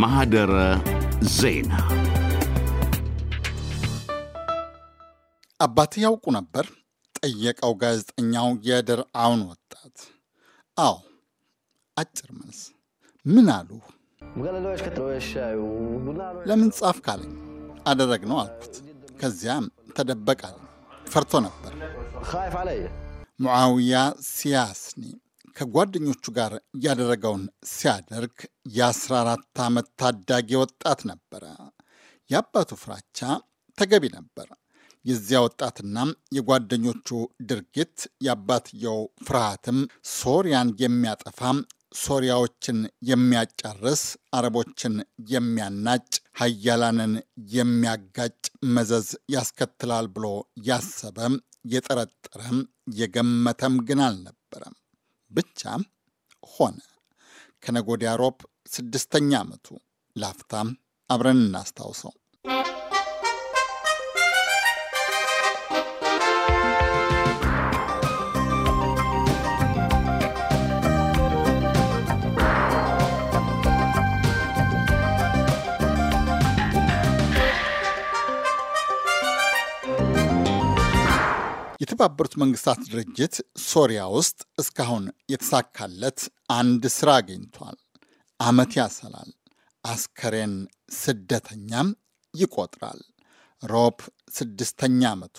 ማህደረ ዜና። አባት ያውቁ ነበር? ጠየቀው ጋዜጠኛው የድርአውን ወጣት። አዎ፣ አጭር መልስ። ምን አሉ? ለምን ጻፍ ካለኝ አደረግ ነው አልኩት። ከዚያም ተደበቃል። ፈርቶ ነበር። ሙዓውያ ሲያስኒ ከጓደኞቹ ጋር ያደረገውን ሲያደርግ የ14 ዓመት ታዳጊ ወጣት ነበረ። የአባቱ ፍራቻ ተገቢ ነበር። የዚያ ወጣትና የጓደኞቹ ድርጊት የአባትየው ፍርሃትም ሶሪያን የሚያጠፋ ሶሪያዎችን የሚያጨርስ አረቦችን የሚያናጭ ሀያላንን የሚያጋጭ መዘዝ ያስከትላል ብሎ ያሰበም የጠረጠረም የገመተም ግን አልነበረም። ብቻ ሆነ። ከነጎዲያ ሮብ ስድስተኛ ዓመቱ። ላፍታም አብረን እናስታውሰው። የተባበሩት መንግስታት ድርጅት ሶሪያ ውስጥ እስካሁን የተሳካለት አንድ ስራ አግኝቷል። አመት ያሰላል፣ አስከሬን ስደተኛም ይቆጥራል። ሮፕ ስድስተኛ ዓመቱ።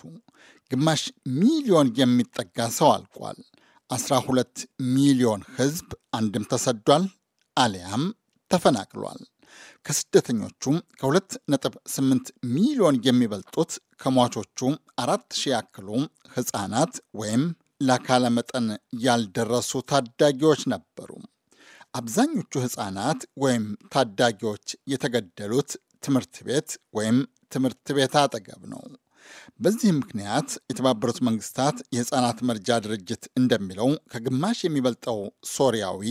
ግማሽ ሚሊዮን የሚጠጋ ሰው አልቋል። 12 ሚሊዮን ህዝብ አንድም ተሰዷል አሊያም ተፈናቅሏል። ከስደተኞቹም ከ2.8 ሚሊዮን የሚበልጡት ከሟቾቹ አራት ሺ ያክሉ ሕፃናት ወይም ለአካለ መጠን ያልደረሱ ታዳጊዎች ነበሩ። አብዛኞቹ ህፃናት ወይም ታዳጊዎች የተገደሉት ትምህርት ቤት ወይም ትምህርት ቤት አጠገብ ነው። በዚህ ምክንያት የተባበሩት መንግስታት የህፃናት መርጃ ድርጅት እንደሚለው ከግማሽ የሚበልጠው ሶሪያዊ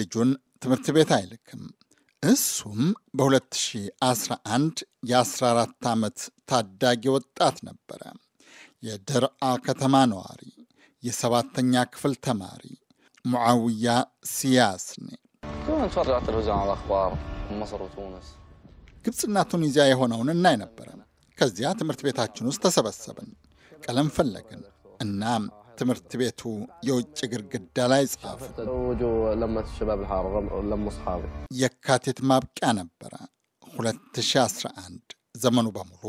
ልጁን ትምህርት ቤት አይልክም። እሱም በ2011 የ14 ዓመት ታዳጊ ወጣት ነበረ። የደርአ ከተማ ነዋሪ፣ የሰባተኛ ክፍል ተማሪ ሙዓውያ ሲያስኒ። ግብፅና ቱኒዚያ የሆነውን እናይ ነበረ። ከዚያ ትምህርት ቤታችን ውስጥ ተሰበሰብን፣ ቀለም ፈለግን። እናም ትምህርት ቤቱ የውጭ ግድግዳ ላይ ጻፉ። የካቲት ማብቂያ ነበረ 2011። ዘመኑ በሙሉ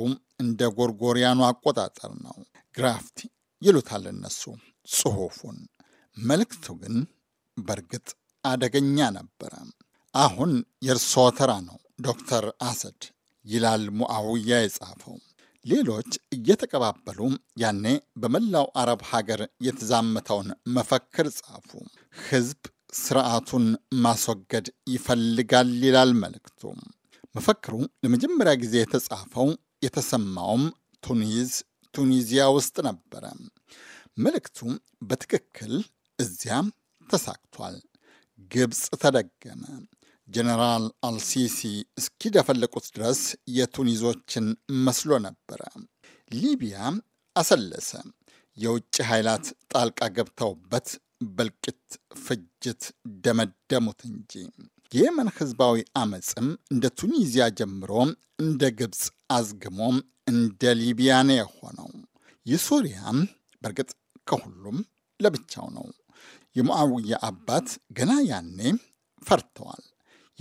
እንደ ጎርጎሪያኑ አቆጣጠር ነው። ግራፍቲ ይሉታል እነሱ ጽሑፉን። መልእክቱ ግን በእርግጥ አደገኛ ነበረ። አሁን የእርስዎ ተራ ነው ዶክተር አሰድ ይላል ሙአውያ የጻፈው ሌሎች እየተቀባበሉ ያኔ በመላው አረብ ሀገር የተዛመተውን መፈክር ጻፉ። ህዝብ ስርዓቱን ማስወገድ ይፈልጋል ይላል መልእክቱ። መፈክሩ ለመጀመሪያ ጊዜ የተጻፈው የተሰማውም ቱኒዝ ቱኒዚያ ውስጥ ነበረ። መልእክቱ በትክክል እዚያም ተሳክቷል። ግብፅ ተደገመ። ጀነራል አልሲሲ እስኪደፈለቁት ድረስ የቱኒዞችን መስሎ ነበረ። ሊቢያ አሰለሰ። የውጭ ኃይላት ጣልቃ ገብተውበት በልቅት ፍጅት ደመደሙት እንጂ የየመን ህዝባዊ አመፅም እንደ ቱኒዚያ ጀምሮ እንደ ግብፅ አዝግሞ እንደ ሊቢያ ነው የሆነው። የሱሪያ በእርግጥ ከሁሉም ለብቻው ነው። የሙአውያ አባት ገና ያኔ ፈርተዋል።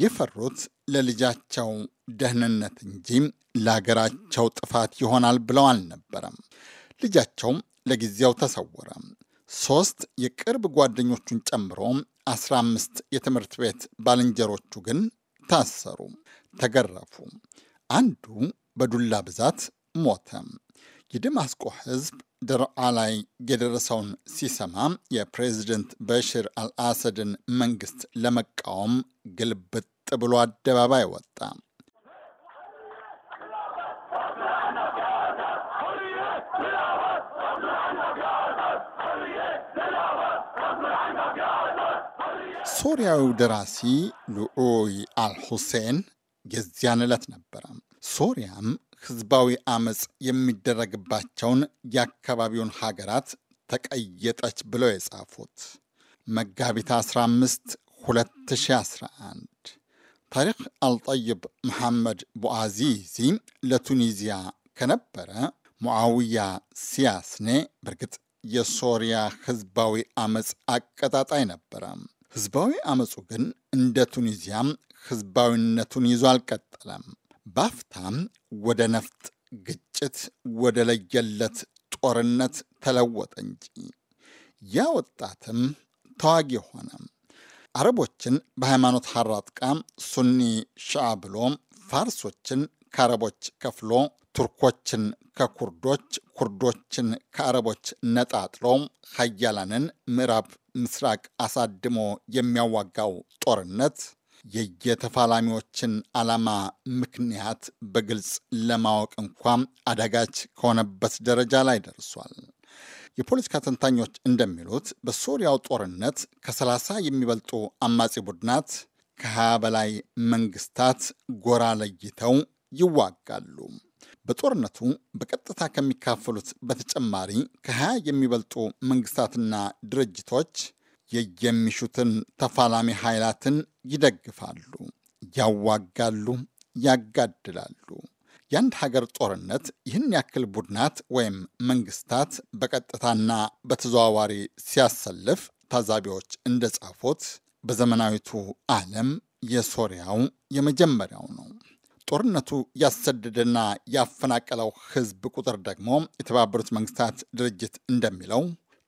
የፈሩት ለልጃቸው ደህንነት እንጂ ለሀገራቸው ጥፋት ይሆናል ብለው አልነበረም። ልጃቸው ለጊዜው ተሰወረ። ሶስት የቅርብ ጓደኞቹን ጨምሮ አስራ አምስት የትምህርት ቤት ባልንጀሮቹ ግን ታሰሩ፣ ተገረፉ። አንዱ በዱላ ብዛት ሞተ። የደማስቆ ሕዝብ ድርአ ላይ የደረሰውን ሲሰማ የፕሬዚደንት በሽር አልአሰድን መንግስት ለመቃወም ግልብጥ ብሎ አደባባይ ወጣ። ሶሪያዊ ደራሲ ልዑይ አልሁሴን የዚያን ዕለት ነበረ። ሶሪያም ህዝባዊ አመፅ የሚደረግባቸውን የአካባቢውን ሀገራት ተቀየጠች ብለው የጻፉት መጋቢት 15 2011 ታሪክ አልጠይብ መሐመድ ቡአዚዚ ለቱኒዚያ ከነበረ ሙዓውያ ሲያስኔ በእርግጥ የሶሪያ ህዝባዊ አመፅ አቀጣጣይ ነበረ። ህዝባዊ አመፁ ግን እንደ ቱኒዚያም ህዝባዊነቱን ይዞ አልቀጠለም። ባፍታም ወደ ነፍጥ ግጭት፣ ወደ ለየለት ጦርነት ተለወጠ እንጂ ያ ወጣትም ተዋጊ ሆነ። አረቦችን በሃይማኖት ሀራጥቃም ሱኒ ሻ ብሎ ፋርሶችን ከአረቦች ከፍሎ ቱርኮችን ከኩርዶች ኩርዶችን ከአረቦች ነጣጥሎ ሀያላንን ምዕራብ ምስራቅ አሳድሞ የሚያዋጋው ጦርነት የየተፋላሚዎችን ዓላማ ምክንያት በግልጽ ለማወቅ እንኳ አዳጋች ከሆነበት ደረጃ ላይ ደርሷል። የፖለቲካ ተንታኞች እንደሚሉት በሶሪያው ጦርነት ከ30 የሚበልጡ አማጺ ቡድናት ከ20 በላይ መንግስታት ጎራ ለይተው ይዋጋሉ። በጦርነቱ በቀጥታ ከሚካፈሉት በተጨማሪ ከ20 የሚበልጡ መንግስታትና ድርጅቶች የየሚሹትን ተፋላሚ ኃይላትን ይደግፋሉ፣ ያዋጋሉ፣ ያጋድላሉ። የአንድ ሀገር ጦርነት ይህን ያክል ቡድናት ወይም መንግስታት በቀጥታና በተዘዋዋሪ ሲያሰልፍ ታዛቢዎች እንደጻፉት በዘመናዊቱ ዓለም የሶሪያው የመጀመሪያው ነው። ጦርነቱ ያሰደደና ያፈናቀለው ህዝብ ቁጥር ደግሞ የተባበሩት መንግስታት ድርጅት እንደሚለው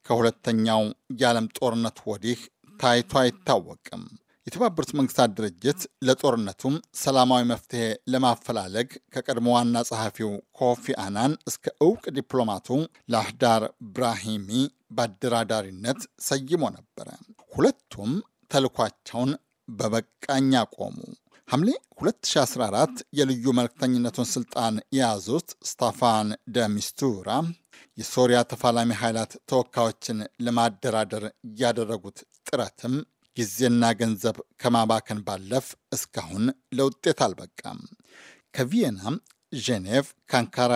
ከሁለተኛው የዓለም ጦርነት ወዲህ ታይቶ አይታወቅም። የተባበሩት መንግስታት ድርጅት ለጦርነቱም ሰላማዊ መፍትሄ ለማፈላለግ ከቀድሞ ዋና ጸሐፊው ኮፊ አናን እስከ እውቅ ዲፕሎማቱ ላህዳር ብራሂሚ በአደራዳሪነት ሰይሞ ነበረ። ሁለቱም ተልኳቸውን በበቃኝ አቆሙ። ሐምሌ 2014 የልዩ መልክተኝነቱን ስልጣን የያዙት ስታፋን ደሚስቱራ የሶሪያ ተፋላሚ ኃይላት ተወካዮችን ለማደራደር ያደረጉት ጥረትም ጊዜና ገንዘብ ከማባከን ባለፍ እስካሁን ለውጤት አልበቃም። ከቪየና ጄኔቭ ከአንካራ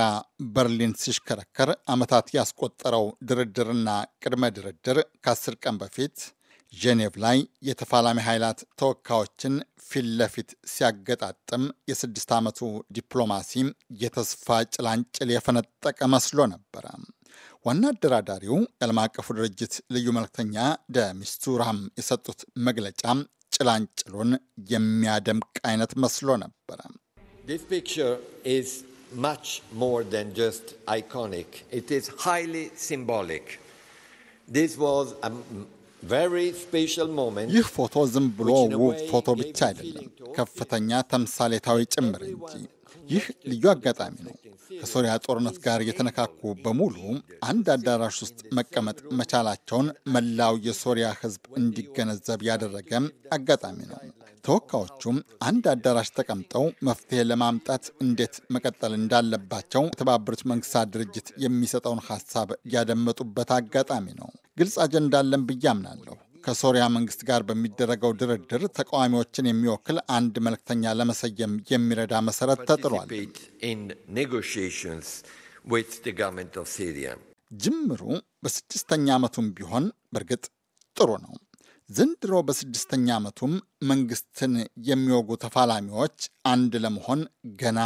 በርሊን ሲሽከረከር ዓመታት ያስቆጠረው ድርድርና ቅድመ ድርድር ከአስር ቀን በፊት ጄኔቭ ላይ የተፋላሚ ኃይላት ተወካዮችን ፊት ለፊት ሲያገጣጥም የስድስት ዓመቱ ዲፕሎማሲ የተስፋ ጭላንጭል የፈነጠቀ መስሎ ነበረ። ዋና አደራዳሪው የዓለም አቀፉ ድርጅት ልዩ መልክተኛ ደሚስቱራም የሰጡት መግለጫ ጭላንጭሉን የሚያደምቅ አይነት መስሎ ነበረ። ይህ ይህ ፎቶ ዝም ብሎ ውብ ፎቶ ብቻ አይደለም፣ ከፍተኛ ተምሳሌታዊ ጭምር እንጂ። ይህ ልዩ አጋጣሚ ነው። ከሶሪያ ጦርነት ጋር የተነካኩ በሙሉ አንድ አዳራሽ ውስጥ መቀመጥ መቻላቸውን መላው የሶሪያ ሕዝብ እንዲገነዘብ ያደረገ አጋጣሚ ነው። ተወካዮቹም አንድ አዳራሽ ተቀምጠው መፍትሄ ለማምጣት እንዴት መቀጠል እንዳለባቸው የተባበሩት መንግስታት ድርጅት የሚሰጠውን ሀሳብ ያደመጡበት አጋጣሚ ነው። ግልጽ አጀንዳ አለን ብዬ አምናለሁ። ከሶሪያ መንግስት ጋር በሚደረገው ድርድር ተቃዋሚዎችን የሚወክል አንድ መልክተኛ ለመሰየም የሚረዳ መሰረት ተጥሯል። ጅምሩ በስድስተኛ ዓመቱም ቢሆን በእርግጥ ጥሩ ነው። ዘንድሮ በስድስተኛ ዓመቱም መንግስትን የሚወጉ ተፋላሚዎች አንድ ለመሆን ገና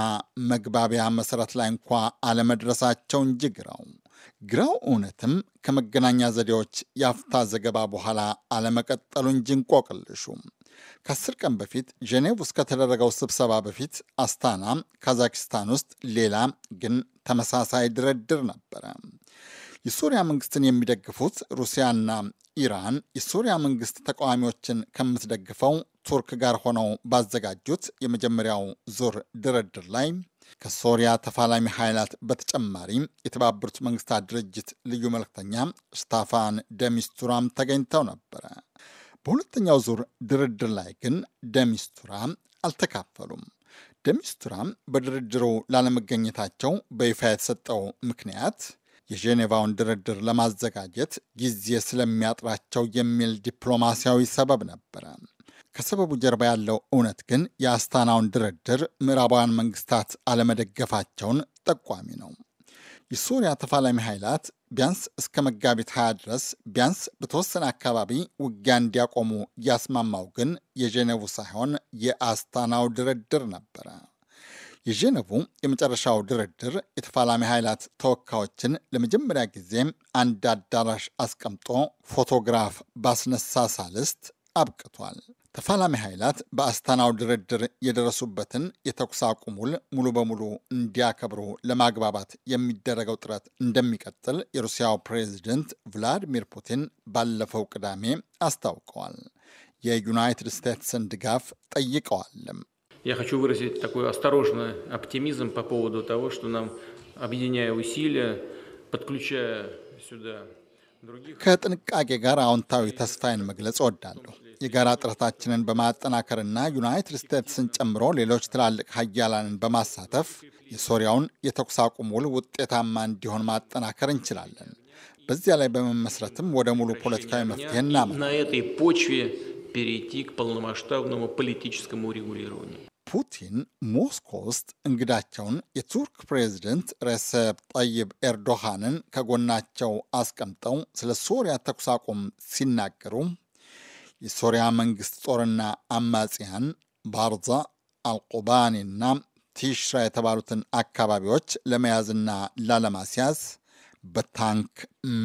መግባቢያ መሰረት ላይ እንኳ አለመድረሳቸውን ጅግረው ግራው እውነትም ከመገናኛ ዘዴዎች ያፍታ ዘገባ በኋላ አለመቀጠሉ እንጂ እንቆቅልሹ። ከአስር ቀን በፊት ጄኔቭ ውስጥ ከተደረገው ስብሰባ በፊት አስታና ካዛኪስታን ውስጥ ሌላ ግን ተመሳሳይ ድርድር ነበረ። የሱሪያ መንግስትን የሚደግፉት ሩሲያና ኢራን የሱሪያ መንግስት ተቃዋሚዎችን ከምትደግፈው ቱርክ ጋር ሆነው ባዘጋጁት የመጀመሪያው ዙር ድርድር ላይ ከሶሪያ ተፋላሚ ኃይላት በተጨማሪ የተባበሩት መንግስታት ድርጅት ልዩ መልክተኛ ስታፋን ደሚስቱራም ተገኝተው ነበረ። በሁለተኛው ዙር ድርድር ላይ ግን ደሚስቱራም አልተካፈሉም። ደሚስቱራም በድርድሩ ላለመገኘታቸው በይፋ የተሰጠው ምክንያት የጄኔቫውን ድርድር ለማዘጋጀት ጊዜ ስለሚያጥራቸው የሚል ዲፕሎማሲያዊ ሰበብ ነበረ። ከሰበቡ ጀርባ ያለው እውነት ግን የአስታናውን ድርድር ምዕራባውያን መንግስታት አለመደገፋቸውን ጠቋሚ ነው። የሱሪያ ተፋላሚ ኃይላት ቢያንስ እስከ መጋቢት 20 ድረስ ቢያንስ በተወሰነ አካባቢ ውጊያ እንዲያቆሙ ያስማማው ግን የጄኔቭ ሳይሆን የአስታናው ድርድር ነበረ። የጀነቡ የመጨረሻው ድርድር የተፋላሚ ኃይላት ተወካዮችን ለመጀመሪያ ጊዜም አንድ አዳራሽ አስቀምጦ ፎቶግራፍ ባስነሳ ሳልስት አብቅቷል። ተፋላሚ ኃይላት በአስታናው ድርድር የደረሱበትን የተኩስ አቁም ውል ሙሉ በሙሉ እንዲያከብሩ ለማግባባት የሚደረገው ጥረት እንደሚቀጥል የሩሲያው ፕሬዚደንት ቭላዲሚር ፑቲን ባለፈው ቅዳሜ አስታውቀዋል። የዩናይትድ ስቴትስን ድጋፍ ጠይቀዋልም። Я хочу выразить такой осторожный оптимизм по поводу того, что нам, объединяя усилия, подключая сюда ከጥንቃቄ ጋር አዎንታዊ ተስፋዬን መግለጽ እወዳለሁ። የጋራ ጥረታችንን በማጠናከርና ዩናይትድ ስቴትስን ጨምሮ ሌሎች ትላልቅ ሀያላንን በማሳተፍ የሶሪያውን የተኩስ አቁም ውል ውጤታማ እንዲሆን ማጠናከር እንችላለን። በዚያ ላይ በመመስረትም ወደ ሙሉ ፖለቲካዊ መፍትሄ እናመ ፑቲን ሞስኮ ውስጥ እንግዳቸውን የቱርክ ፕሬዝደንት ሬሰፕ ጠይብ ኤርዶሃንን ከጎናቸው አስቀምጠው ስለ ሶሪያ ተኩስ አቁም ሲናገሩ የሶሪያ መንግስት ጦርና አማጽያን ባርዛ፣ አልቁባኒና ቲሽራ የተባሉትን አካባቢዎች ለመያዝና ላለማስያዝ በታንክ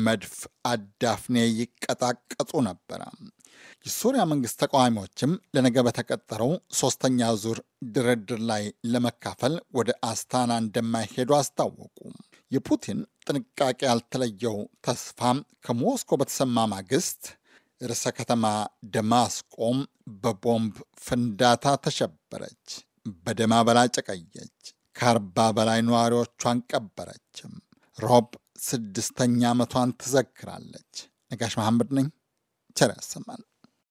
መድፍ አዳፍኔ ይቀጣቀጡ ነበረ። የሶሪያ መንግስት ተቃዋሚዎችም ለነገ በተቀጠረው ሶስተኛ ዙር ድርድር ላይ ለመካፈል ወደ አስታና እንደማይሄዱ አስታወቁ። የፑቲን ጥንቃቄ ያልተለየው ተስፋ ከሞስኮ በተሰማ ማግስት ርዕሰ ከተማ ደማስቆም በቦምብ ፍንዳታ ተሸበረች፣ በደማ በላይ ጨቀየች፣ ከአርባ በላይ ነዋሪዎቿን ቀበረችም። ሮብ ስድስተኛ ዓመቷን ትዘክራለች። ነጋሽ መሐመድ ነኝ። ቸር ያሰማን።